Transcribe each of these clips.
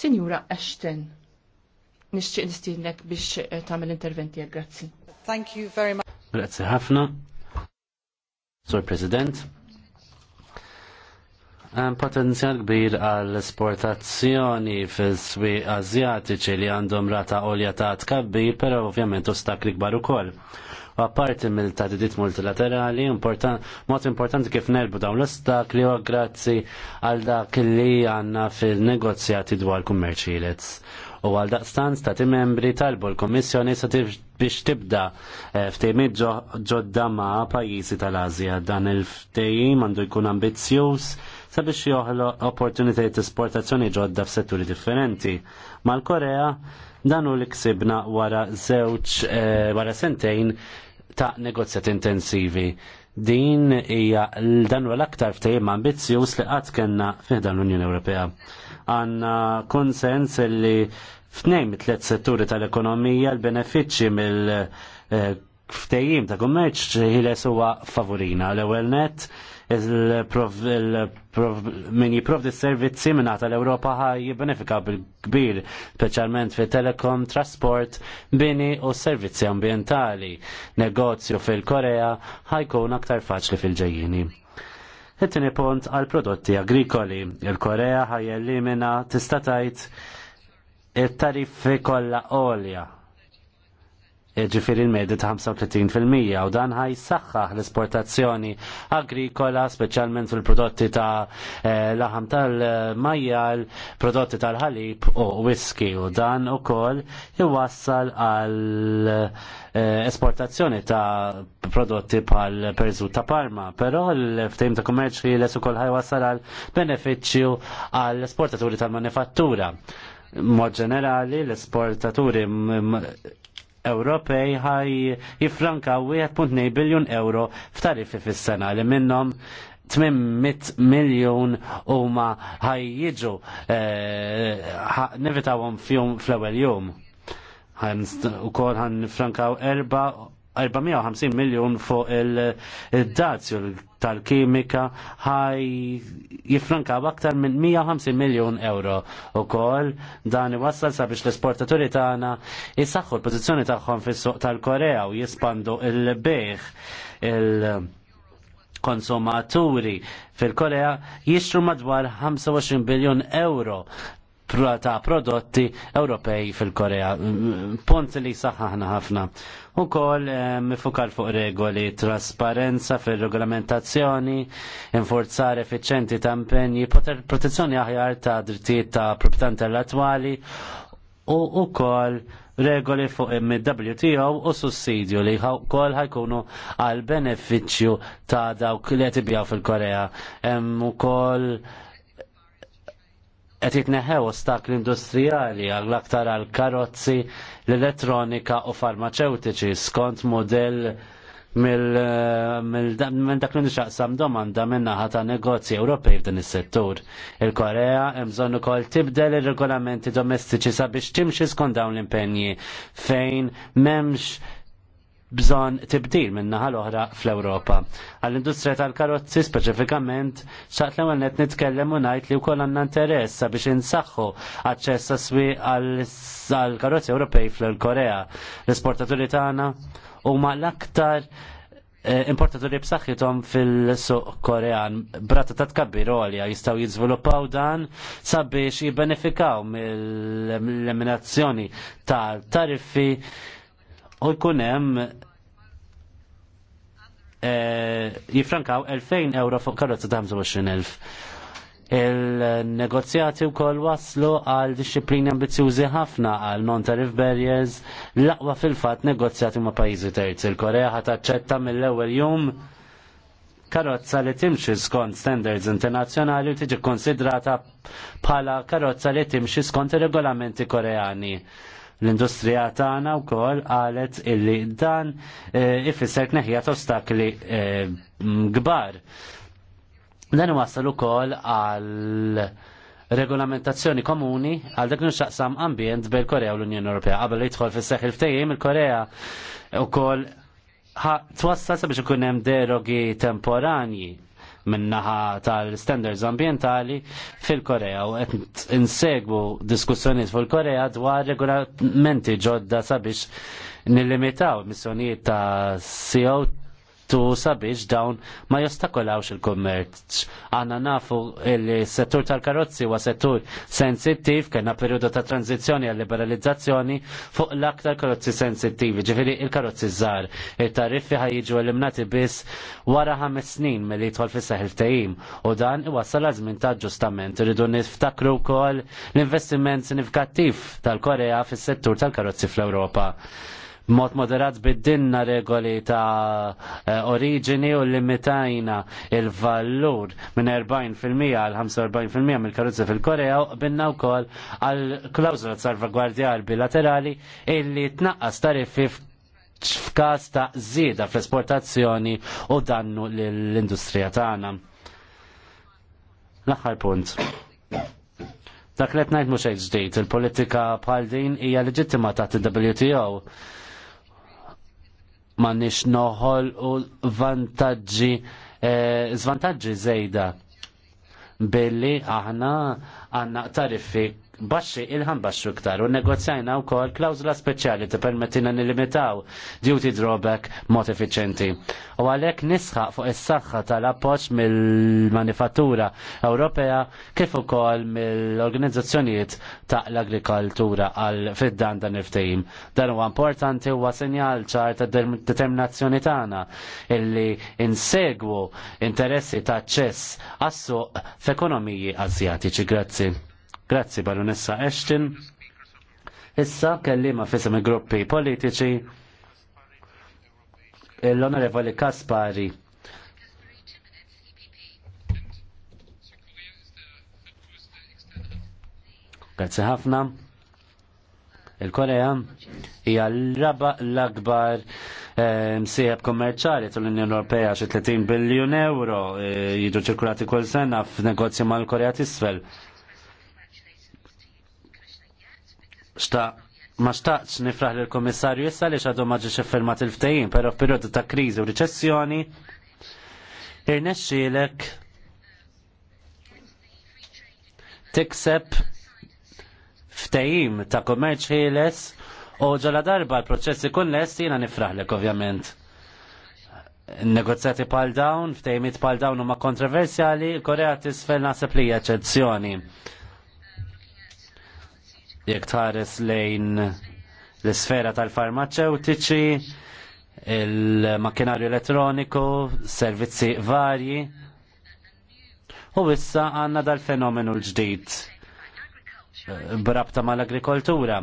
Signora Ashton, nixtieq nistiednek biex eh, tamil interventi eh, grazzi. Thank you very much. Grazzi ħafna. Sur President. Hemm potenzjal kbir għall esportazzjoni fis-swieq Azjatiċi li għandhom rata għolja ta' tkabbir, però ovvjament ostakli kbar ukoll. U apparti mill tadidit multilaterali, important, mod importanti kif nerbu dawn l-ostakli u grazzi għal dak li għandna fil-negozjati dwar kummerċilets u għal daqstan stati membri talbu l-Komissjoni sa biex tibda eh, ftejmi ġodda ma' pajjiżi tal-Azja. Dan il-ftejim għandu jkun ambizzjuż sabiex joħloq ta' esportazzjoni ġodda f'setturi differenti. Mal-Korea dan u li ksibna wara żewġ eh, wara sentejn ta' negozjat intensivi. Din hija dan u l-aktar ftehim ambizzjuż li qatt kellna fih dan l-Unjoni Ewropea. Għandna konsens li f'nejn mit-tliet setturi tal-ekonomija l-benefiċċji mill eh, ftejjim ta' kummerċ ħiles huwa favorina. L-ewwel net min jiprovdi s-servizzi minna tal-Europa ħaj jibbenefika bil-kbir, specialment fi telekom, trasport, bini u servizzi ambientali. Negozju fil-Korea ħajkun aktar faċli fil-ġejjini. it punt għal prodotti agrikoli. Il-Korea ħaj jellimina tistatajt il-tariffi kolla olja ġifir il medi ta' 35% u dan ħaj saħħaħ l-esportazzjoni agrikola, specialment fil-prodotti ta' eh, laħam tal-majjal, prodotti tal-ħalib u whisky u dan u koll jwassal għal eh, esportazzjoni ta' prodotti pal perżu ta' Parma, però l-ftejm ta' kummerċi l-esu koll ħaj wassal għal beneficju għal esportaturi tal-manifattura mod ġenerali l-esportaturi Ewropej ħaj jifranka 1.2 biljon euro f'tariffi fis-sena li minnhom 800 miljon huma ħaj jiġu eh, nevitawhom fjum fl-ewwel jum. U kol ħan frankaw erba' 450 miljon fuq il-dazju tal-kimika ħaj jifrankaw aktar minn 150 miljon euro u kol dan iwassal sabiex l-esportaturi tagħna jisaxħu l-pożizzjoni tagħhom fis-suq tal-Korea u jispandu il-beħ il konsumaturi fil-Korea jixtru madwar 25 biljon euro ta' prodotti Ewropej fil-Korea. Mm, Punt li saħħaħna ħafna. U kol eh, mifukar fuq regoli, trasparenza fil-regolamentazzjoni, enforzare efficienti ta' impenji, protezzjoni aħjar ta' drittijiet ta' proprjetà intellettwali u ukoll regoli fuq MWTO wto u sussidju li kol ħajkunu għal beneficju ta' dawk li għetibijaw fil-Korea. U kol qed jitneħew ostakli industrijali għall aktar għal karozzi, l-elettronika u farmaceutiċi skont modell mill dak li nixaqsam domanda min-naħa ta' negozji Ewropej f'din is-settur. Il-Korea hemm bżonn ukoll tibdel ir-regolamenti domestiċi sabiex timxi skont dawn l-impenji fejn m'hemmx bżon tibdil minna l oħra fl-Europa. Għall-industrija tal-karozzi speċifikament xaqt l-ewwel net nitkellem u ngħid li wkoll għandna interess sabiex insaħħu aċċess aswi għall-karozzi Ewropej fl-Korea. L-esportaturi tagħna huma l-aktar eh, importaturi b'saħħithom fil-suq Korean brata ta' tkabbir għolja jistgħu jiżviluppaw dan sabiex jibbenefikaw mill-eliminazzjoni tal-tariffi u jkun hemm e, jifrankaw 2000 euro fuq karozza ta' 25.000. Il-negozjati wkoll waslu għal disċiplini ambizjużi ħafna għal non-tarif barriers l-aqwa fil-fat negozjati ma' pajizi terzi. Il-Korea ħat aċċetta mill-ewwel jum karozza li timxi skont standards internazzjonali u tiġi konsidrata bħala karozza li timxi skont ir-regolamenti koreani L-industrija tagħna wkoll qalet illi dan e, ifisser tneħjat ostakli e, kbar. Dan wasal ukoll għal regolamentazzjoni komuni għal dak nixtaqsam ambjent bejn Korea u l-Unjoni Ewropea. Qabel li jidħol fis-seħħ il-ftehim il-Korea ukoll twassal sabiex ikun hemm derogi temporanji minnaħa tal-standards ambientali fil-Korea u qed insegwu diskussjonijiet fil-Korea dwar regolamenti ġodda sabiex nillimitaw emissjonijiet ta' CO2 Tu sabiex dawn ma jostakolawx il-kummerċ. Għanna nafu il-settur tal-karozzi huwa settur sensittiv, kena periodu ta' tranzizjoni għal liberalizzazzjoni fuq l-aktar karozzi sensittivi, ġifiri il-karozzi żgħar. Il-tariffi ħajġu eliminati biss wara ħames snin mill jidħol fis seħil tejim u dan iwassal għal żmien ta' ġustament. Irridu niftakru wkoll l-investiment sinifikattiv tal-Korea fis-settur tal-karozzi fl-Ewropa mod moderat biddinna regoli ta' eh, oriġini u limitajna il-vallur minn 40% għal 45% mill karuzza fil-Korea u binna u kol għal klawzula salvagwardjar bilaterali illi tnaqqas tariffi f'każ ta' żieda fl-esportazzjoni u dannu l-industrija tagħna. L-aħħar punt. Dak li qed ngħid mhux ġdid, il-politika bħal din hija leġittima ta' t wto ma nix noħol u vantaġġi, eh, zejda billi aħna għanna tariffi baxxi il-ħan baxxu iktar u negozjajna wkoll klawżla speċjali permettina nilimitaw duty drawback mod effiċenti. U għalhekk nisħaq fuq is-saħħa tal-appoġġ mill-manifattura Ewropea kif ukoll mill-organizzazzjonijiet ta' l-agrikoltura għal fid-dan dan il-ftehim. Dan huwa importanti huwa sinjal ċar ta' determinazzjoni tagħna illi insegwu interessi ta' ċess għassu f'ekonomiji azjatiċi. Grazzi. Grazzi Baronessa Ashton. Issa kellima fisem il-gruppi politiċi l-Onorevoli Kaspari. Grazzi ħafna. Il-Korea hija l-raba l-akbar eh, msieħeb kommerċali tal-Unjoni Ewropea xi 30 biljun euro eh, jiġu ċirkulati kull sena f'negozju mal-Korea t'isfel. isfel sta ma xtaqx nifraħ lill komissarju issa li xadu ma ġiex iffirmat il-ftehim, però f'perjodu ta' kriżi u riċessjoni Irnexxilek: tikseb ftehim ta' kummerċ ħieles u ġala darba l-proċess ikun lest jiena nifraħlek ovvjament negozjati pal dawn, ftejmit pal dawn huma kontroversjali, Korea tisfel naħseb li eċezzjoni jekk tħares lejn l-sfera tal-farmaceutiċi, il-makkinarju elettroniku, servizzi varji. U issa għanna dal-fenomenu l-ġdid eh, brabta mal-agrikoltura.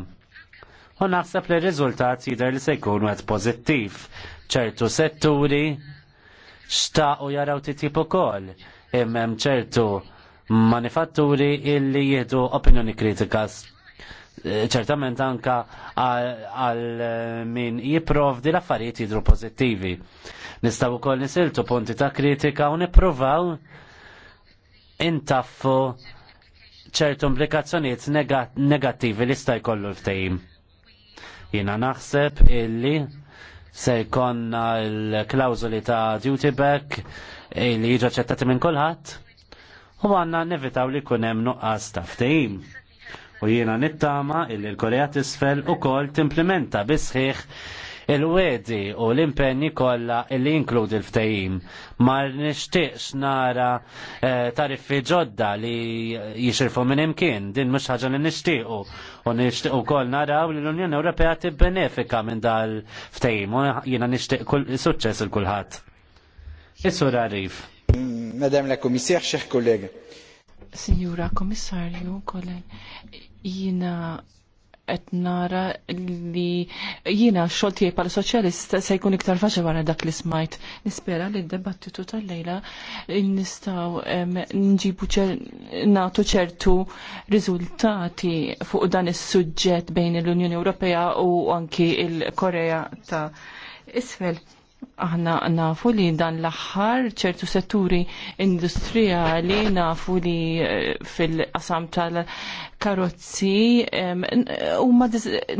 U naħseb li r-riżultat jidher li se jkun għed pozittiv. ċertu setturi xtaqu jaraw titjib ukoll. Imma ċertu manifatturi illi jieħdu opinjoni kritika ċertament anka għal min jiprov l-affarijiet jidru pozittivi. Nistaw kol nisiltu punti ta' kritika u niprovaw intaffu ċertu implikazzjonijiet negattivi li sta' jkollu l-ftehim. Jina naħseb illi se jkonna l-klawzuli ta' duty back illi jiġu ċettati minn kulħadd u għanna nevitaw li kunem nuqqas ta' ftehim u jiena nittama illi l-Korea tisfel u kol timplementa bisħiħ il-wedi u l-impenni kolla illi jinkludi l-ftajim. Mar nishtiqx nara eh, tariffi ġodda li jixirfu minn imkien, din mux ħagġa li nishtiqu. U nishtiqu kol naraw li l-Unjoni Ewropea tibbenefika minn dal-ftajim u jina nishtiq suċċess il-kulħat. Isur Arif. Madame la Commissaire, chers collègues. Signora Commissario, kollegi, Jina qed nara li jiena xogħol tiegħi bħala soċjalist se jkun iktar faċa wara dak li smajt. Nispera li d-debattitu tal-lejla nistgħu nġibu nagħtu ċertu riżultati fuq dan is-suġġett bejn l-Unjoni Ewropea u anki l korea ta' Isfel aħna nafu li dan l-aħħar ċertu setturi industrijali nafu li eh, fil-qasam tal-karozzi u ma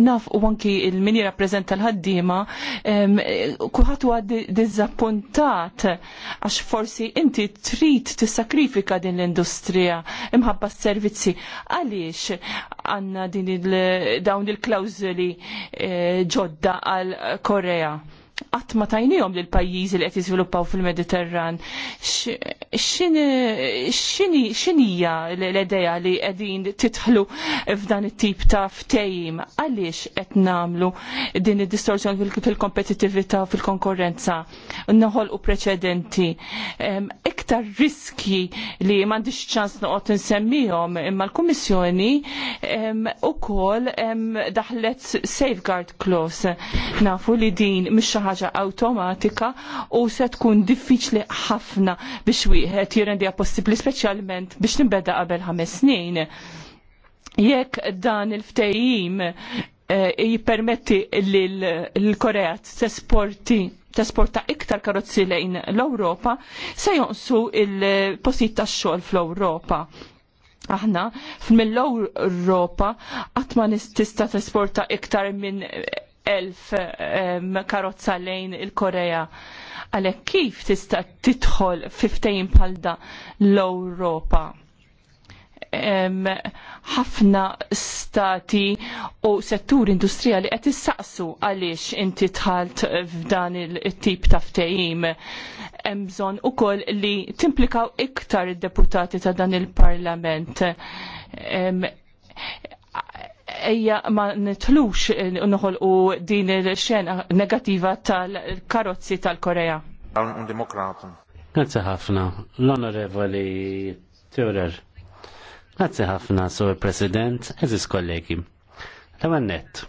nafu u anki il-mini rappresenta l-ħaddima kuħat huwa dizzappuntat għax forsi inti trid tissakrifika din l-industrija imħabba s-servizzi għaliex għanna din il-dawn il-klawzuli eh, ġodda għal Korea qatt ma tajniehom lil pajjiżi li qed jiżviluppaw fil-Mediterran. X'inija l-idea li qegħdin titħlu f'dan it-tip ta' ftejim għaliex qed nagħmlu din id-distorsjoni fil-kompetittività u fil-konkurrenza noħolqu preċedenti. Iktar riski li m'għandix ċans noqgħod insemmihom imma l-Kummissjoni ukoll daħlet safeguard clause nafu li din mhix ħaġa awtomatika u se tkun diffiċli ħafna biex wieħed jirrendija possibbli speċjalment biex nimbeda qabel ħames snin. Jekk dan il-ftejim eh, jippermetti li l-Korea tesporti tesporta iktar karozzi lejn l-Ewropa se jonsu il posit tax-xogħol fl-Ewropa aħna mill-Europa qatt ma tista' tesporta iktar minn elf ehm, karozza lejn il-Korea. Għalhekk kif tista' tidħol fiftejn palda l europa ehm, ħafna stati u settur industrijali qed issaqsu għaliex inti tħalt f'dan il-tip ta' ftehim. Hemm bżonn ukoll li timplikaw iktar id-deputati ta' dan il-Parlament ehm, ejja ma nitlux eh, noħolqu din il-xena negativa tal-karozzi tal-Korea. Grazie ħafna, l-onorevoli Turer. Grazie ħafna, Sur President, eżis kollegi. Tawannet,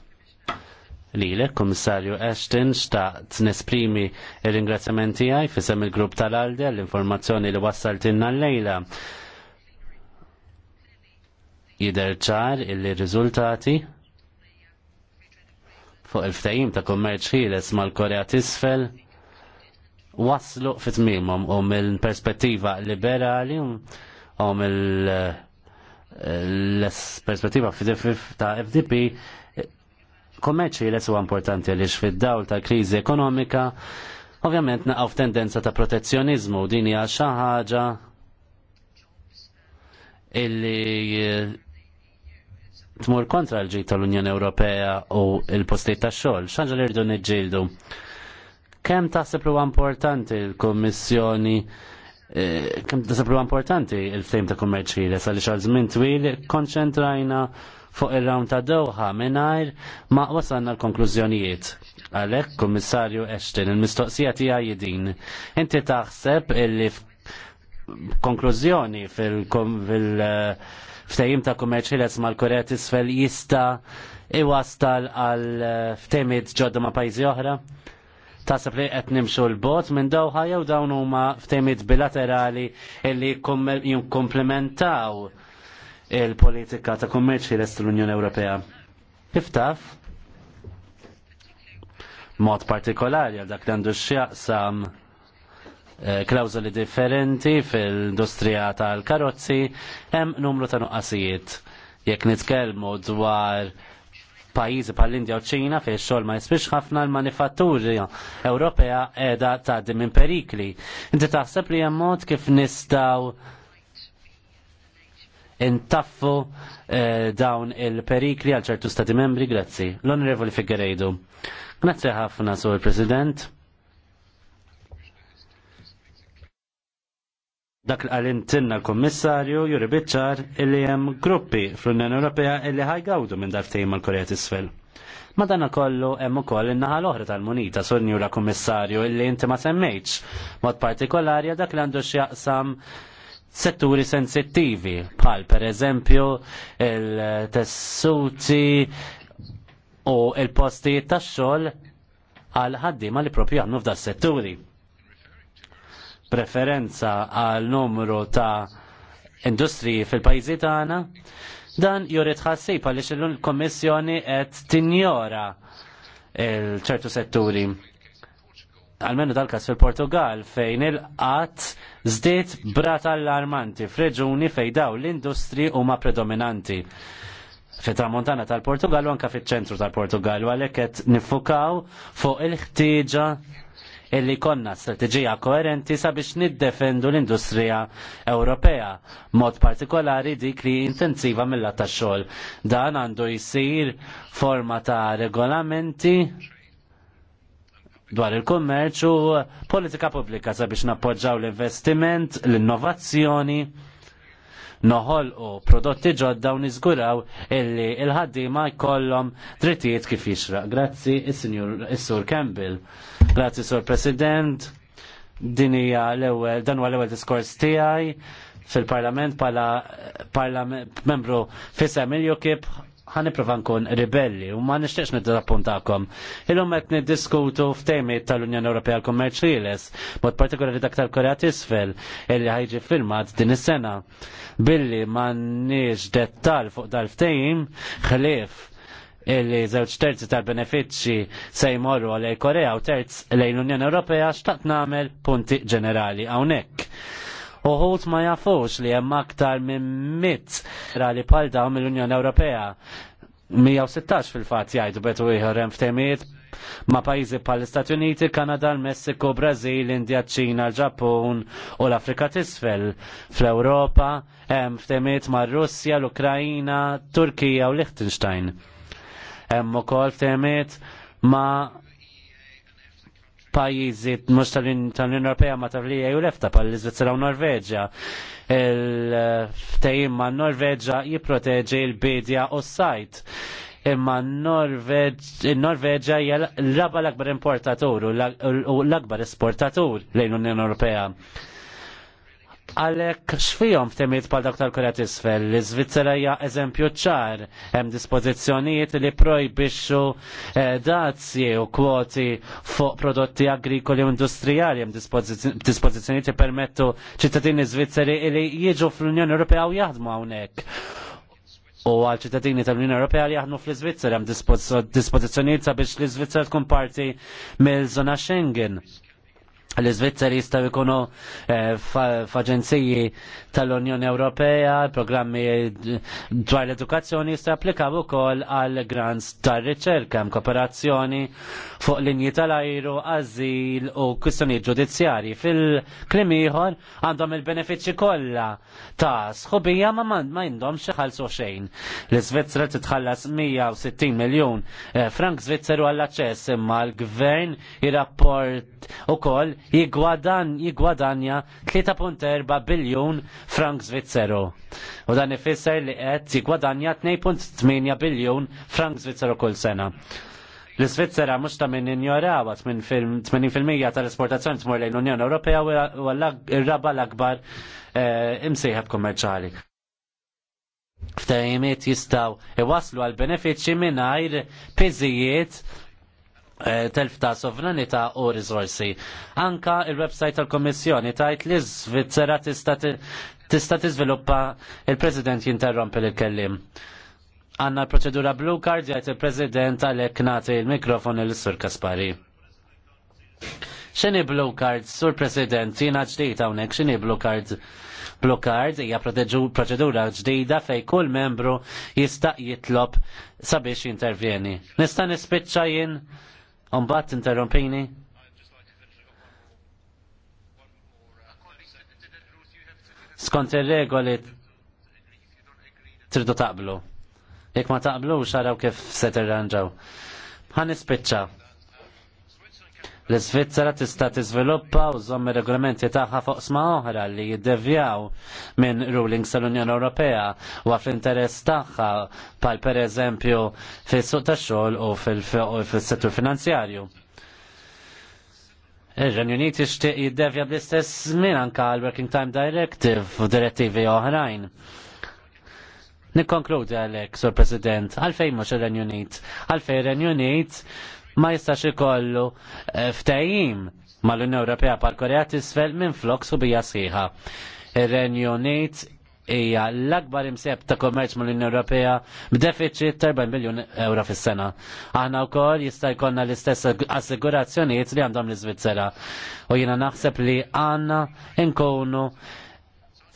Lile, komissarju Ashton xtaqt nesprimi il-ringrazzjamenti għaj fissem il-grupp tal-Alde l-informazzjoni li wassaltinna l-lejla. Jidher ċar illi riżultati fuq il-ftajim ta' kummerċ ħieles mal-Korea tisfel waslu fit tmimhom u mill-perspettiva liberali u mill perspettiva ta' FDP kummerċ ħieles huwa importanti li fid-dawl ta' kriżi ekonomika ovvjament naqaw tendenza ta' protezzjonizmu din hija xi ħaġa illi tmur kontra l-ġid tal-Unjoni Ewropea u l-postijiet tax-xogħol, x'ħaġa li rridu niġġieldu. Kemm taħseb huwa importanti l-Kummissjoni eh, kemm taħseb huwa importanti l-fejm ta' kummerċ ħieles għaliex għal żmien twil konċentrajna fuq ir-rawn ta' Doha mingħajr ma wasalna l-konklużjonijiet. Għalhekk, Kummissarju Ashton, il-mistoqsija tiegħi din. Inti taħseb illi konklużjoni fil-, fil eh, ftehim ta' kummerċ mal-Korea tisfel jista' iwastal għal eh, ftemid ġodda ma' pajjiżi oħra? Ta' li qed nimxu l-bot minn dawħa jew dawn huma ftemid bilaterali illi jinkomplementaw il-politika ta' kummerċilet l tal-Unjoni Ewropea. Iftaf, Mod partikolari għal dak li għandu x'jaqsam Eh, klawzoli differenti fil-industrija tal-karozzi, hemm numru ta' nuqqasijiet. Jekk nitkellmu dwar pajjiżi bħal indja u ċina fejn xogħol ma jispix ħafna l manifatturi Ewropea qiegħda tgħaddi minn perikli. Inti taħseb li hemm mod kif nistgħu intaffu eh, dawn il-perikli għal ċertu stati membri, grazzi. L-Onorevoli Figueredo. Grazzi ħafna, Sur President. dak li għalintinna kommissarju juri bitċar illi jem gruppi fl-Unjoni Ewropea illi ħajgawdu minn darftejn mal korea t-isfel. Madana kollu hemm ukoll in-naħa l-oħra tal-munita sur kummissarju illi inti ma semmejtx mod partikolari dak li għandu x'jaqsam setturi sensittivi bħal pereżempju il-tessuti u il-postijiet tax-xogħol għal ħaddiema li propju għandu f'das setturi preferenza għal numru ta' industriji fil-pajzi tagħna, dan juri tħassib għaliex il-Kommissjoni qed tinjora ċertu setturi. Almenu dal-kas fil-Portugal fejn il-qatt żdied brat allarmanti f'reġuni fejn daw l-industri huma predominanti fit tramontana tal-Portugal u anka fiċ ċentru tal-Portugal u għalhekk qed nifukaw fuq il-ħtieġa illi konna strateġija koerenti sabiex niddefendu l-industrija Ewropea, mod partikolari dik li intensiva mill ta' xogħol. Dan għandu jsir forma ta' regolamenti dwar il-kummerċ u politika pubblika sabiex nappoġġaw l-investiment, l-innovazzjoni noħolqu prodotti ġodda u niżguraw illi il ħaddima jkollhom drittijiet kif jixraq. Grazzi is-Sur Campbell. Grazzi Sur President. Din hija l-ewwel dan huwa l-ewwel diskors tiegħi fil-Parlament bħala eh, membru fis-Emilju kif ħaniprofa nkun ribelli u ma nid nidappuntakom. Illum qed niddiskutu f'temi tal-Unjoni Ewropea l-kummerċ ħieles, mod partikolari dak tal-Korea t'isfel illi ħajġi filmat din is-sena. Billi m'għandniex dettal fuq dal ftejim ħlief illi żewġ terzi tal-benefiċċji se jmorru għal Korea u terz lejn l-Unjoni Ewropea xtaqt nagħmel punti ġenerali hawnhekk. Uħut ma jafux li hemm aktar minn mitt rali pal dawn mill-Unjoni Ewropea. 116 fil-fatt jgħidu betu ieħor hemm ftemiet ma' pajjiżi pal istati Uniti, Kanada, l-Messiku, Brażil, Indja, Ċina, ġappun u l-Afrika t'isfel. Fl-Ewropa hemm ftemiet ma' Russja, l-Ukrajina, Turkija u Liechtenstein. Hemm ukoll ftemiet ma' pajjiżi mhux tal-Unjoni Ewropea ma taf li jew lefta pal iżvizzera u Norveġja. Il-ftehim ma' Norveġja jipproteġi l-bidja u s-sajt imma Norveġa hija l-raba l-akbar importatur u l-akbar esportatur lejn l-Unjoni Ewropea. Għalek xfijom f'temiet bħal dak tal-Korea isfel, li Svizzera hija eżempju ċar, hemm dispożizzjonijiet li projbixxu dazji eh, dazzi u kwoti fuq prodotti agrikoli u industrijali, hemm dispożizzjonijiet li permettu ċittadini Svizzeri li jiġu fl-Unjoni Ewropea u jaħdmu hawnhekk. U għal ċittadini tal-Unjoni Ewropea li jaħdmu fl-Iżvizzera hemm dispożizzjonijiet sabiex l-Iżvizzera tkun parti mill-żona Schengen l svizzeri jistaw ikunu eh, f'aġenziji tal-Unjoni Ewropea, programmi dwar l-edukazzjoni jistaw applikaw ukoll għal grants tar-riċerka, kooperazzjoni fuq linji tal-ajru, azil u kwistjonijiet ġudizzjarji. Fil-krim ieħor għandhom il-benefiċċji kollha ta' sħubija ma m'għandhom xi ħalsu xejn. L-Iżvizzera titħallas 160 miljun eh, frank Zvizzeru għall-aċċess imma l-gvern jirrapport ukoll jigwadanja 3.4 biljun frank Svizzeru. U dan ifisser li qed jigwadanja 2.8 biljun frank Svizzeru kull sena. L-Svizzera mhux ta' min injorawa 80% tal-esportazzjoni tmur lejn l-Unjoni Ewropea u l-raba l-akbar eh, imsejħab kummerċali. Ftehimiet jistgħu iwaslu għal benefiċċji mingħajr piżijiet Eh, telf ta' sovranità u rizorsi. Anka il-website tal-Komissjoni tajt li Svizzera tista' tiżviluppa il-President jinterrompi l-kellim. Għanna l-proċedura blue card jgħet il-President għalek nati il-mikrofon il-Sur Kaspari. Xini blue card, Sur President, jina ġdijt għawnek, xini blue card? Blue card hija proċedura ġdida fej kull membru jista' jitlob sabiex jintervjeni. Nista' nispiċċa jien Umbat interrompini? Skont il-regoli tridu taqblu. Jek ma taqblu, xaraw kif se tirranġaw. Ħan L-Svizzera tista' tiżviluppa u żomm ir-regolamenti tagħha fuq sma oħra li jiddevjaw minn rulings tal-Unjoni Ewropea u għaf interess tagħha pal pereżempju fis-suq tax-xogħol u fis-settur finanzjarju. Ir-Renju Unit ixtieq jiddevja bl-istess minn anke għall working Time Directive u direttivi oħrajn. Nikkonkludi għalhekk, Sur President, għalfejn mhux ir-Renju Unit, għalfejn renju Unit ma jistax ikollu eh, ftajim mal-Unjoni Ewropea pal Korea tisfel minn flok subija sħiħa. Ir-Renju Unit hija l-akbar imsieb ta' kommerċ mal-Unjoni Ewropea b'deficit ta' 40 miljun euro fis-sena. Aħna wkoll jista' jkollna l-istess assigurazzjonijiet li għandhom l-Iżvizzera. U jiena naħseb li għandna nkunu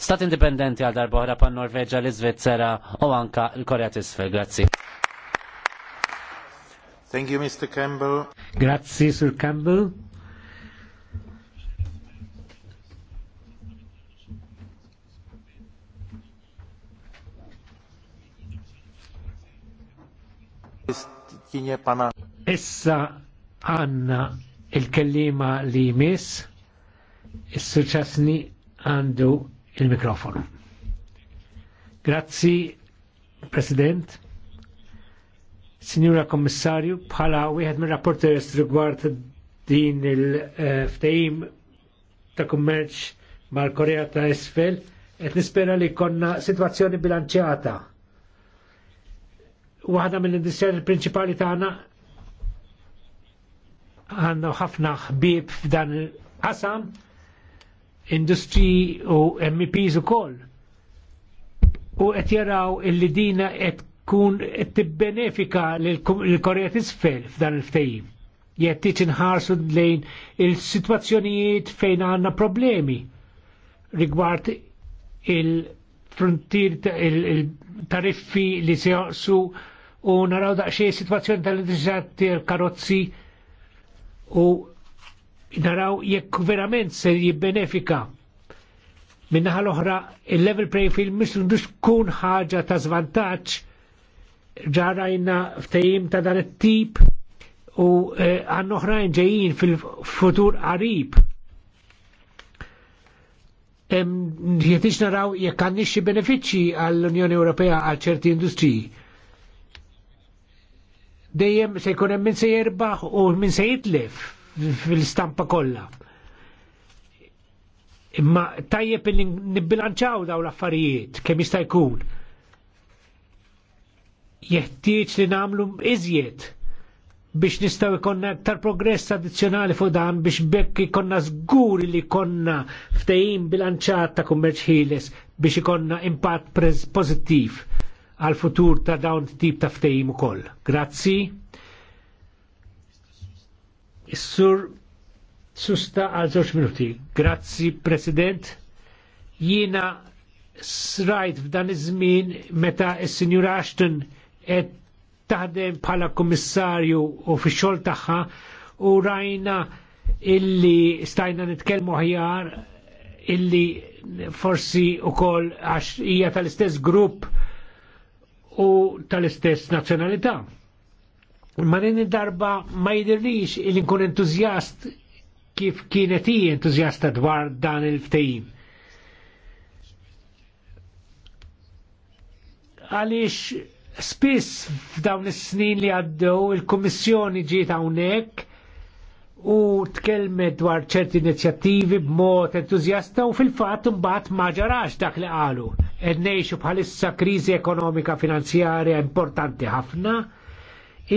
stat indipendenti għal darba oħra pan Norveġa, l-Iżvizzera u anka l-Korea t'isfel. Grazzi. Thank you, Mr. Campbell. Sir Campbell. Issa għanna il-kellima li jmiss, il-suċasni għandu il-mikrofonu. Grazzi, President. Signora Kommissarju, bħala wieħed minn rapporters rigward din il-ftehim ta' kummerċ mal-Korea ta' Esfel, qed nispera li konna sitwazzjoni bilanċjata. Waħda mill-industrijali prinċipali tagħna għandna ħafna ħbib f'dan il-qasam, industri u u koll. U qed jaraw illi dina qed kun tibbenefika l-Korea isfel f'dan il-ftejim. Jettiċ inħarsu lejn il-situazzjonijiet fejn għanna problemi rigward il-frontier il-tariffi li seqsu u naraw daqxie situazzjoni tal-indrizzat karozzi u naraw jekk verament se jibbenefika minnaħal oħra il-level playing field mux kun ħaġa ta' zvantaċ ġarajna ftejim ta' dan it-tip u eh, għan oħrajn ġejjin fil-futur qarib. Jetiġ naraw jekk għandix xi benefiċċji għall-Unjoni Ewropea għal ċerti industriji. Dejjem se jkun hemm min se jirbaħ u min se jitlef fil-stampa kollha. Imma tajjeb il nibbilanċaw daw l-affarijiet kemm jista' jkun jeħtieġ li nagħmlu iżjed biex nistaw ikonna aktar progress addizzjonali fuq dan biex bekk ikonna żguri li konna ftehim bilanċat ta' kummerċ ħieles biex ikonna impatt pożittiv għal futur ta' dawn tip ta' ftehim ukoll. Grazzi. Is-sur susta għal żewġ minuti. Grazzi, President. Jiena srajt f'dan iż-żmien meta s-Sinjur Ashton qed taħdem bħala kummissarju u fi xol tagħha u rajna illi stajna nitkellmu ħjar illi forsi wkoll għax hija tal-istess grupp u tal-istess nazzjonalità. Ma din darba ma jidirrix illi nkun entużjast kif kienet hi entużjasta dwar dan il-ftehim. Għaliex Spiss f'dawn is-snin li għaddew il-Kummissjoni ġiet hawnhekk u tkellmet dwar ċerti inizjattivi b'mod entużjasta u fil-fatt imbagħad ma ġarax dak li qalu. Qed ngħixu bħalissa kriżi ekonomika finanzjarja importanti ħafna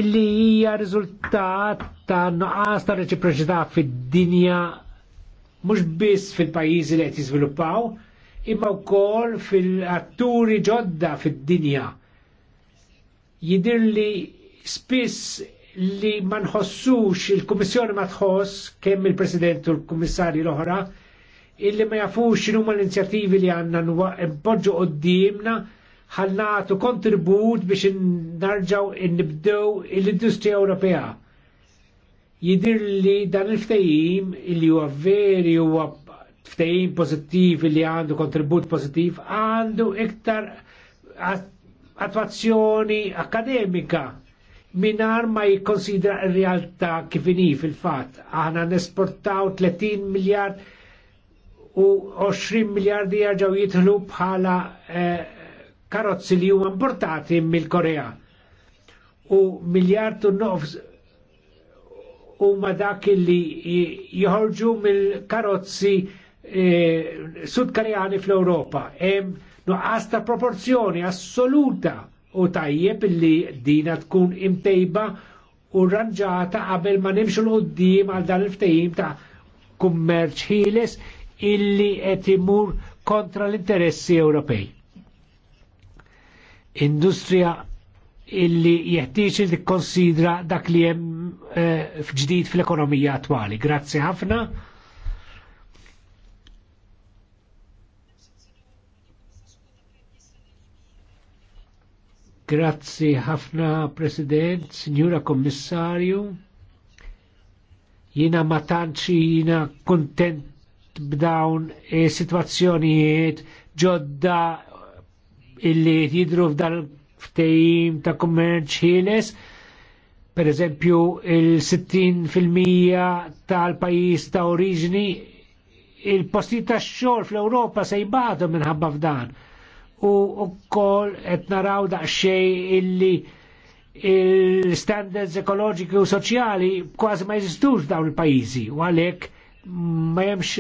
illi hija riżultat ta' nuqqas ta' reċiproċità fid-dinja mhux biss fil-pajjiżi li qed jiżviluppaw, imma wkoll fil-atturi ġodda fid-dinja jidir li spiss li ma nħossux il-Kummissjoni ma tħoss kemm il-President u l-Kummissarji l-oħra illi ma jafux x'inhu l-inizjattivi li għandna npoġġu qudiemna ħal nagħtu kontribut biex narġaw nibdew l-Industrija Ewropea. Jidir li dan il-ftehim illi huwa veri huwa ftehim pożittiv li għandu kontribut pożittiv għandu iktar attuazzjoni akademika minar ma jikkonsidra r-realtà kif fil-fatt. Aħna nesportaw 30 miljard u 20 miljardi jarġaw jitħlu bħala eh, karozzi li huma importati mill-Korea. U miljard u nofs huma dak li joħorġu mill-karozzi eh, sud-Koreani fl europa Hemm nuqqas ta' proporzjoni assoluta u tajjeb li dina tkun imtejba u rranġata qabel ma nimxu l-qoddim għal dan il-ftejim ta' kummerċ ħieles illi qed imur kontra l-interessi Ewropej. Industrija illi jeħtieġ li tikkonsidra dak li hemm eh, f'ġdid fl-ekonomija attwali. Grazzi ħafna. Grazzi ħafna President, Signora Kommissarju. Jina matanċi jina kontent b'dawn e situazzjonijiet ġodda illi jidru f'dal ftejim ta' kummerċ ħieles. Per eżempju, il-60% tal-pajis ta' oriġni il-posti ta' xor fl-Europa se jibadu minħabba f'dan u wkoll qed naraw daqsxejn illi il-standards ekoloġiki u soċjali kważi ma jeżistux dawn il-pajjiżi u għalhekk ma jemx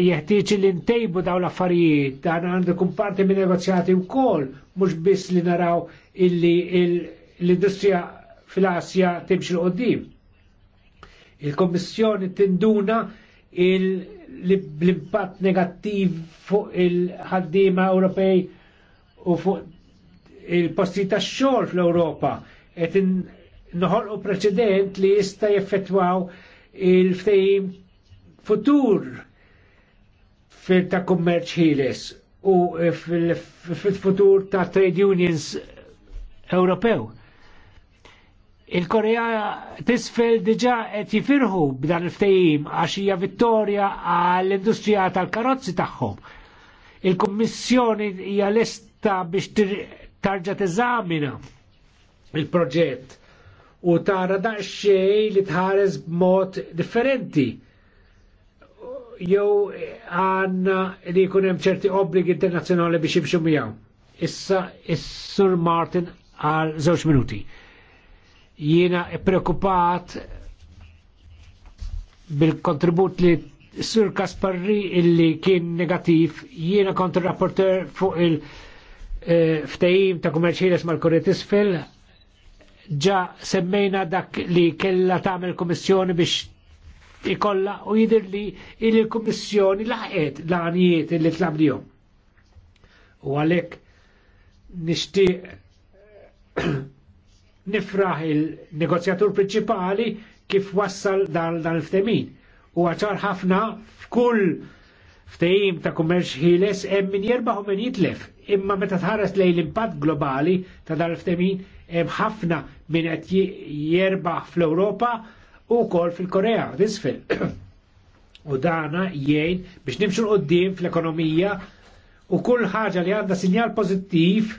jeħtieġ li ntejbu dawn l-affarijiet dan għandu kumparti parti minn negozjati wkoll mhux biss li naraw illi l-industrija fil-Asja timx l qoddim Il-Kommissjoni tinduna l-impatt negattiv fuq il-ħaddima Ewropej u fuq il-posti ta' xogħol fl-Ewropa qed noħolqu preċedent li jista' jeffettwaw il-ftehim futur fil ta' kummerċ ħieles u fil-futur ta' trade unions Ewropew. Il-Korea tisfel diġa qed jifirħu b'dan il-ftehim għax hija vittorja għall-industrija tal-karozzi tagħhom. Il-Kummissjoni hija lesta biex tarġa teżamina il-proġett u tara daqsxej li tħares b'mod differenti. Jew għanna li jkun hemm ċerti obbligi internazzjonali biex jimxu miegħu. Issa is-Sur Martin għal żewġ minuti. Jiena preokupat bil-kontribut li Sur Kasparri illi kien negativ, jiena kontra rapporter fuq il-ftejim eh, ta' kummerċiles mal-Korea Tisfel, ġa semmejna dak li kella tagħmel kummissjoni biex ikolla u jidir li il kummissjoni laħqet l-għanijiet li U għalek nishti nifraħ il-negozjatur principali kif wassal dan il-ftemin. U għacar ħafna f'kull ftehim ta' kummerċ ħiles hemm min jerbaħ u min jitlef. Imma meta tħares lejn l-impatt globali ta' dan il-ftemin hemm ħafna min qed jerbaħ fl-Ewropa u kol fil-Korea disfil. u dana jgħin biex nimxu l-qoddim fl-ekonomija u kull ħaġa li għandha sinjal pożittiv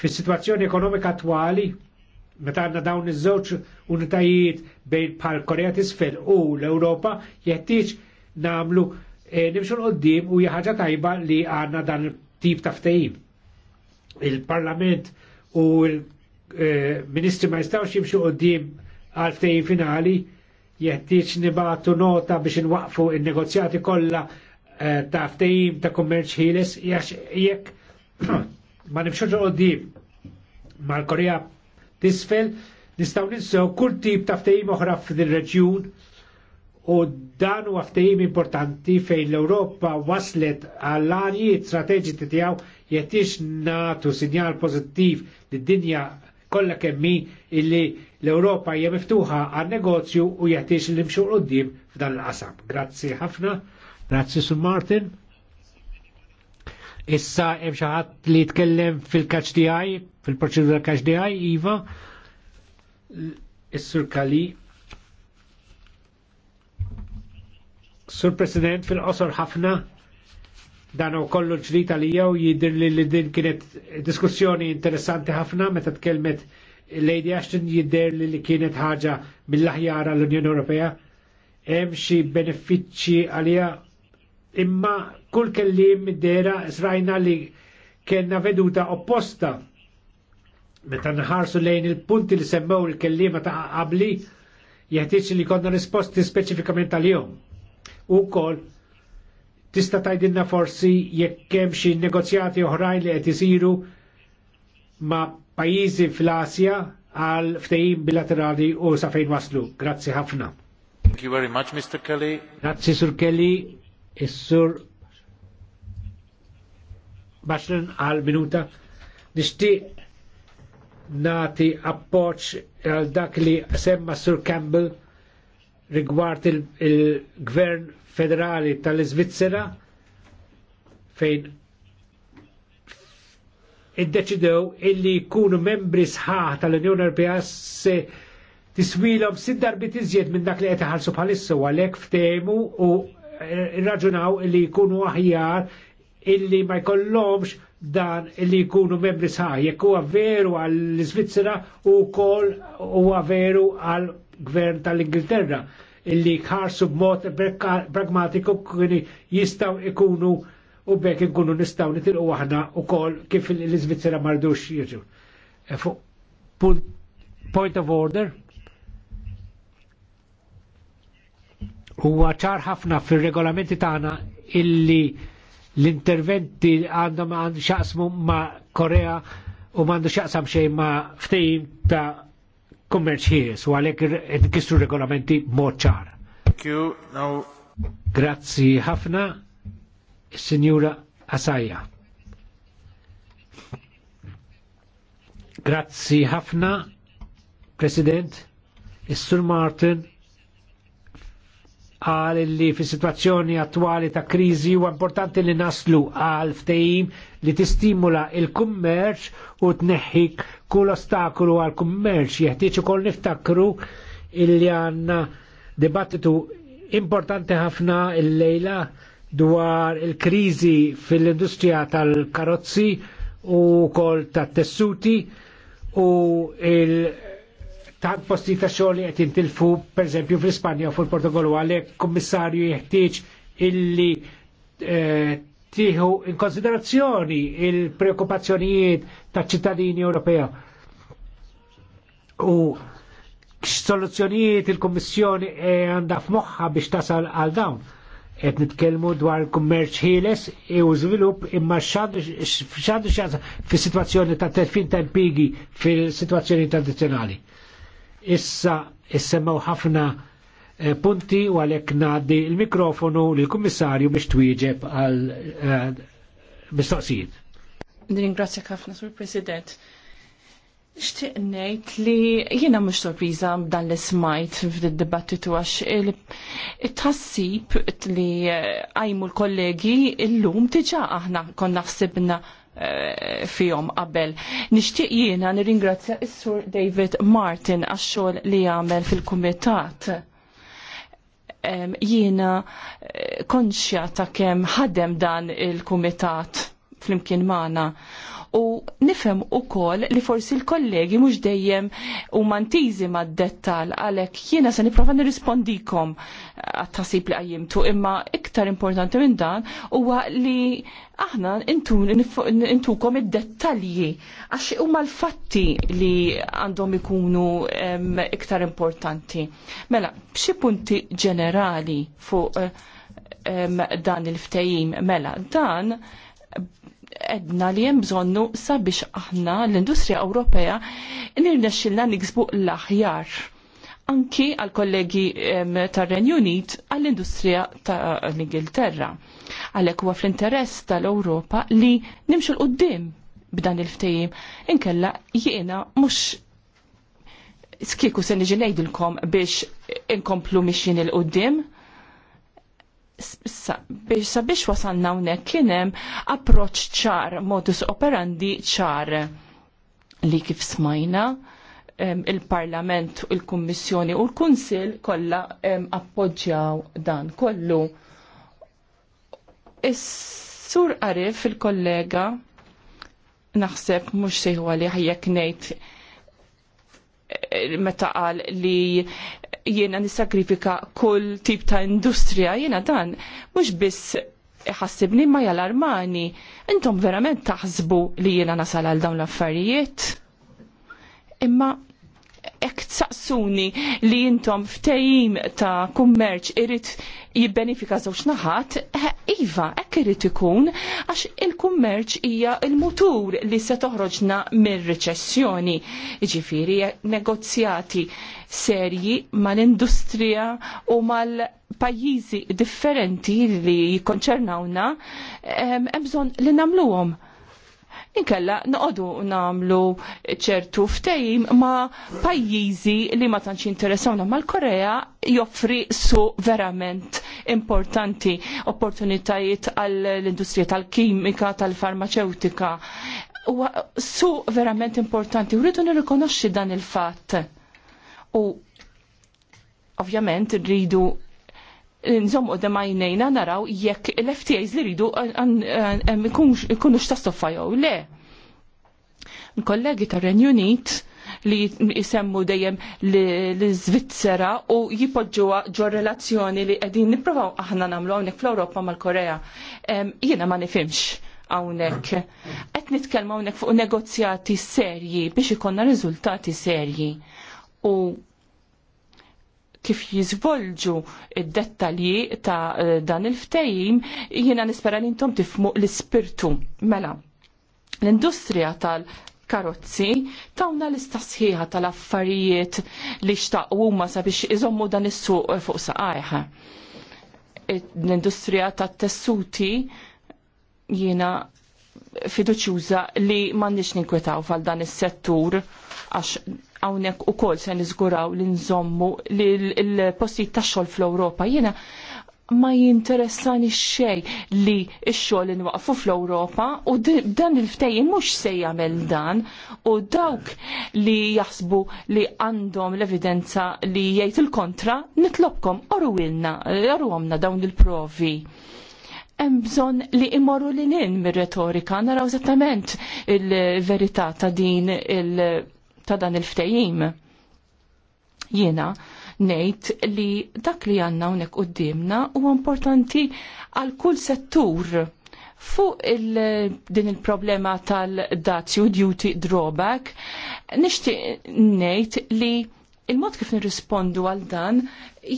fis-sitwazzjoni ekonomika attwali meta għandna dawn iż-żewġ unitajiet bejn pal Korea tisfel u l-Ewropa jeħtieġ namlu e, nimxu l-qoddim u ħaġa tajba li għandna dan il-tip ta' ftehim. Il-Parlament u il-Ministri ma jistawx jimxu qoddim għal ftehim finali jeħtieġ nibatu nota biex inwaqfu il-negozjati kollha eh, ta' ftehim ta' kummerċ ħieles jekk ma nimxux qoddim mal-Korea tisfel nistaw ninsew kull tip ta' ftehim oħra fdin reġjun u dan huwa ftehim importanti fejn l-Ewropa waslet għall-għanijiet strateġiċi tiegħu jettix natu sinjal pozittiv li dinja kollha kemmi illi l europa hija miftuħa għan negozju u jettix l-imxu qudiem f'dan l-qasam. Grazzi ħafna, grazzi Sun Martin. Issa hemm xi ħadd li jitkellem fil catch DI, fil-proċedura catch DI, iva. Is-Sur Kali. Sur President fil-qosor ħafna dan u kollu ġdita għalija u jidir li li din kienet diskussjoni interessanti ħafna meta tkellmet Lady Ashton jidir li kienet ħaġa mill aħjar l-Unjoni Ewropea. Hemm xi benefiċċji għalija imma kull kellim dera srajna li kena veduta opposta. Meta nħarsu lejn il-punti li semmew il-kellima ta' qabli, jeħtieġ li konna risposti speċifikament għal jom U kol, tista tajdinna forsi jekk kemm xi negozjati oħrajn li qed isiru ma' pajjiżi fl-Asja għal ftehim bilaterali u sa fejn waslu. Grazzi ħafna. Thank you very much, Mr. Kelly. Grazzi, Sur Kelly. Is-sur baxlin għal minuta nixtieq nati appoċ għal dak li semma Sur Campbell rigward il-gvern il federali tal-Svizzera fejn iddeċidew illi jkunu membri sħaħ tal-Unjoni Ewropea se tiswilhom sid darbit iżjed minn dak li qed iħallsu bħalissa għalhekk ftehmu u irraġunaw li jkunu aħjar illi ma jkollomx dan illi jkunu membri sħaj. Jekk huwa veru għall-Svizzera u kol huwa veru għall-Gvern tal-Ingilterra illi kħarsu b'mod pragmatiku kuni jistaw ikunu u bekk ikunu nistaw nitilqu aħna u kol kif l-Svizzera mardux jirġu. E point of order. huwa ċar ħafna fil-regolamenti tagħna illi l-interventi għandhom għand xaqsmu ma' Korea u mandu xaqsam xej ma' ftejim ta' kummerċ ħies u għalek id-kistru regolamenti mod ċar. Grazzi ħafna, Signora Asaja. Grazzi ħafna, President, is Martin, għal li fi situazzjoni attuali ta' krizi u importanti li naslu għal ftejim li tistimula il-kummerċ u tneħħik kull ostakolu għal kummerċ jeħtieġ ukoll niftakru illi għanna dibattitu importanti ħafna il-lejla dwar il-krizi fil-industrija tal-karozzi u kol tat-tessuti u il- ta' posti ta' xogħol qed jintilfu pereżempju fl-Ispanja u fil-Portugal għalhekk kummissarju jeħtieġ illi eh, tieħu in konsiderazzjoni il-preokkupazzjonijiet taċ ċittadini Ewropea. U x-soluzzjonijiet il kummissjoni eh, għandha f'moħħa biex tasal għal dawn. qed nitkellmu dwar kummerċ ħieles e u żvilupp imma x'għandu x'għandu fis-sitwazzjoni ta' telfin ta' impigi fil-sitwazzjoni tradizzjonali issa issemmaw ħafna eh, punti u għalhekk ngħaddi il mikrofonu lill kummissarju biex twieġeb għal eh, mistoqsijiet. Ringrazzjak ħafna, Sur President. Xtiq ngħid li jiena mhux sorpriża b'dan li smajt fid-dibattitu għax it tħassib li eh, għajmu l-kollegi llum diġà aħna konna ħsibna Eh, fihom qabel. Nixtieq jiena nirringrazzja is-Sur David Martin għax-xogħol li jagħmel fil-kumitat. Jiena eh, konxja ta' kemm ħadem dan il-kumitat flimkien magħna u nifhem kol li forsi l-kollegi mhux dejjem u ma mad-dettal għalhekk jiena se nipprova nirrispondikom għat li qajjimtu imma iktar importanti minn dan huwa li aħna intukom id-dettalji għax huma l-fatti li għandhom ikunu iktar importanti. Mela, b'xi punti ġenerali fuq dan il-ftejim mela dan edna li hemm bżonnu sabiex aħna l-industrija Ewropea nirnexxilna niksbu l-aħjar anki għal kollegi tar-Renju Unit għall-industrija tal-Ingilterra. Għalhekk huwa fl-interess tal-Ewropa li nimxu l-qudiem b'dan il-ftehim inkella jiena mhux skiku se niġi ngħidilkom biex inkomplu mixjin il-qudiem Biex sabiex wasanna unek kienem approċ ċar, modus operandi ċar li kif smajna il-Parlament, il-Kummissjoni u l-Kunsil kolla appoġġjaw dan kollu. Is-sur Arif, il-kollega, naħseb mux sejħu għalli ħajjek nejt meta qal li jiena nisakrifika kull tip ta' industrija, jiena dan mhux biss iħassibni ma jalarmani. Intom verament taħsbu li jiena nasal għal dawn l-affarijiet? Imma ek saqsuni li jintom ftejim ta' kummerċ irrit jibbenifika żewġ naħat, iva, ek irrit ikun, għax il-kummerċ hija il-mutur li se toħroġna mir-reċessjoni. Ġifiri, negozjati serji mal-industrija u mal- pajjiżi differenti li jikonċernawna, hemm bżonn li nagħmluhom inkella noqodu nagħmlu ċertu ftehim ma' pajjiżi li ma tantx interessawna mal-Korea joffri su verament importanti opportunitajiet għall-industrija tal-kimika, tal-farmaceutika. Su verament importanti, u rridu nirrikonoxxi dan il-fatt. U ovvjament rridu nżom u demajnejna naraw jekk l-FTAs li ridu kunu ta' stoffa jew le. Kollegi tar renju Unit li jisemmu dejjem l-Svizzera u jipoġġuha ġo relazzjoni li qegħdin niprofaw aħna nagħmlu hawnhekk fl-Ewropa mal-Korea. Jiena ma nifimx hawnhekk. Qed nitkellmu hawnhekk fuq negozjati serji biex ikonna riżultati serji. U kif jizvolġu id-dettalji ta' eh, dan il-ftejim, jiena nispera li intom tifmu l-ispirtu. Mela, l-industrija tal-karozzi tawna l-istasħiħa tal-affarijiet li xtaqu ma sabiex iżommu dan is-suq fuq saqajħa. L-industrija tat-tessuti jiena fiduċjuża li mandiċ ninkwetaw fal dan is-settur għax hawnhekk ukoll se niżguraw li nżommu li l-postijiet tax-xogħol fl-Ewropa. Jiena ma jinteressani xej li x-xogħol inwaqfu fl-Ewropa u dan il-ftejjin mhux se jagħmel dan u dawk li jaħsbu li għandhom l-evidenza li jgħid il-kontra nitlobkom orwilna, orwomna dawn il-provi. Hemm bżonn li imorru lil in mir-retorika naraw eżattament il-verità ta' din il- ta' dan il-ftejim. Jiena ngħid li dak li għandna hawnhekk qudiemna huwa importanti għal kull settur fuq il, din il-problema tal-dazju duty drawback, nixtieq ngħid li il-mod kif nirrispondu għal dan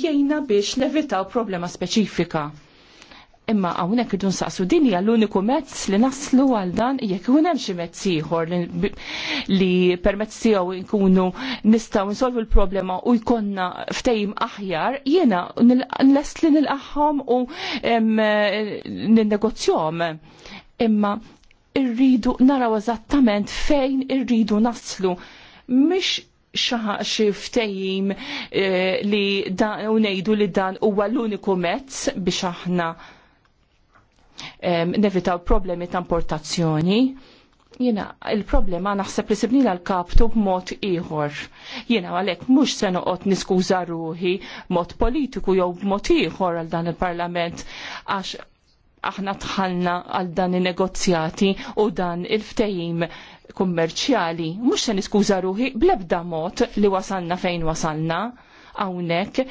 jgħinna biex nevitaw problema speċifika. Imma hawnhekk irdu nsaqsu din hija l-uniku mezz li naslu għal dan jekk ikun hemm xi mezz ieħor li permezz tiegħu nkunu nistgħu nsolvu l-problema u jkollna ftejim aħjar, jiena nlest li nilqahom u ninnegozjahom. Imma irridu naraw eżattament fejn irridu naslu. Mhix xi ftejim eh, li dan li dan huwa l-uniku mezz biex aħna nevitaw problemi ta' importazzjoni. Jina, il-problema naħseb li sibni l-kaptu b'mod ieħor. Jiena għalek, mux se noqgħod niskuża ruħi mod politiku jew b'mod ieħor għal dan il-parlament, għax aħna tħallna għal dan il-negozjati u dan il-ftejim kummerċjali. Mux se niskuża ruħi blebda mod li wasalna fejn wasalna hawnhekk,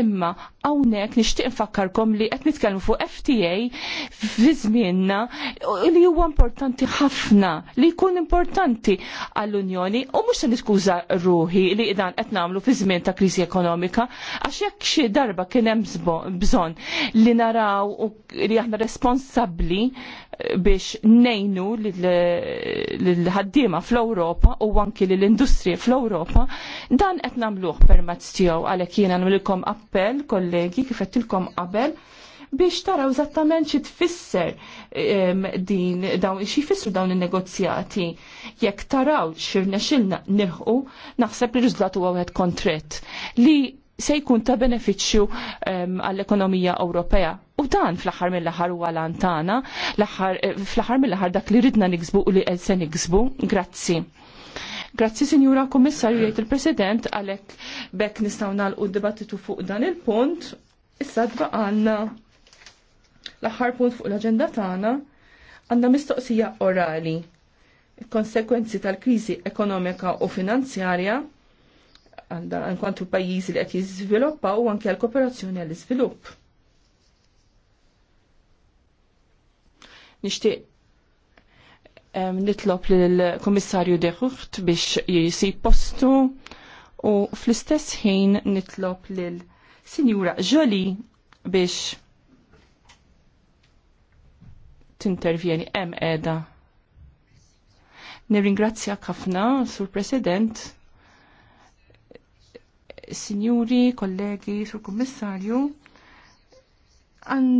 imma hawnhekk nixtieq nfakkarkom li qed nitkellmu fuq FTA fi żmienna li huwa importanti ħafna, li jkun importanti għall-Unjoni u mhux se niskuża ruħi li dan qed nagħmlu fi żmien ta' kriżi ekonomika għax jekk xi darba kien hemm bżonn li naraw u li aħna responsabbli biex nejnu l ħaddiema fl ewropa u anki l-industrija fl ewropa dan qed nagħmluh permezz tiegħu għalhekk jiena nagħmlilkom appell kolli kollegi kif qedtilkom qabel biex taraw eżattament xi tfisser din dawn xi jfissru dawn in-negozjati. Jekk taraw xirna xilna nilħu, naħseb li riżultat huwa wieħed kontrett li se jkun ta' benefiċċju għall-ekonomija Ewropea. U dan fl-aħħar mill-aħħar huwa lantana, eh, fl-aħħar mill-aħħar dak li ridna niksbu u li se niksbu. Grazzi. Grazzi, Signora Kommissarju jgħid il-President, għalek bekk nistaw nalqu dibattitu fuq dan il-punt. Issa dba għanna l-aħħar punt fuq l-agenda tagħna għandna mistoqsija orali. Konsekwenzi tal-kriżi ekonomika u finanzjarja għandha għankwantu pajjiżi li qed jiżviluppaw u anke l-kooperazzjoni għall-iżvilupp. Nixtieq nitlob lill-Kummissarju Deħuħt biex jisi postu u fl-istess ħin nitlob lil Sinjura Ġoli biex tintervjeni hemm qiegħda. Nirringrazzja ħafna, Sur President, Sinjuri, kollegi, Sur Kummissarju,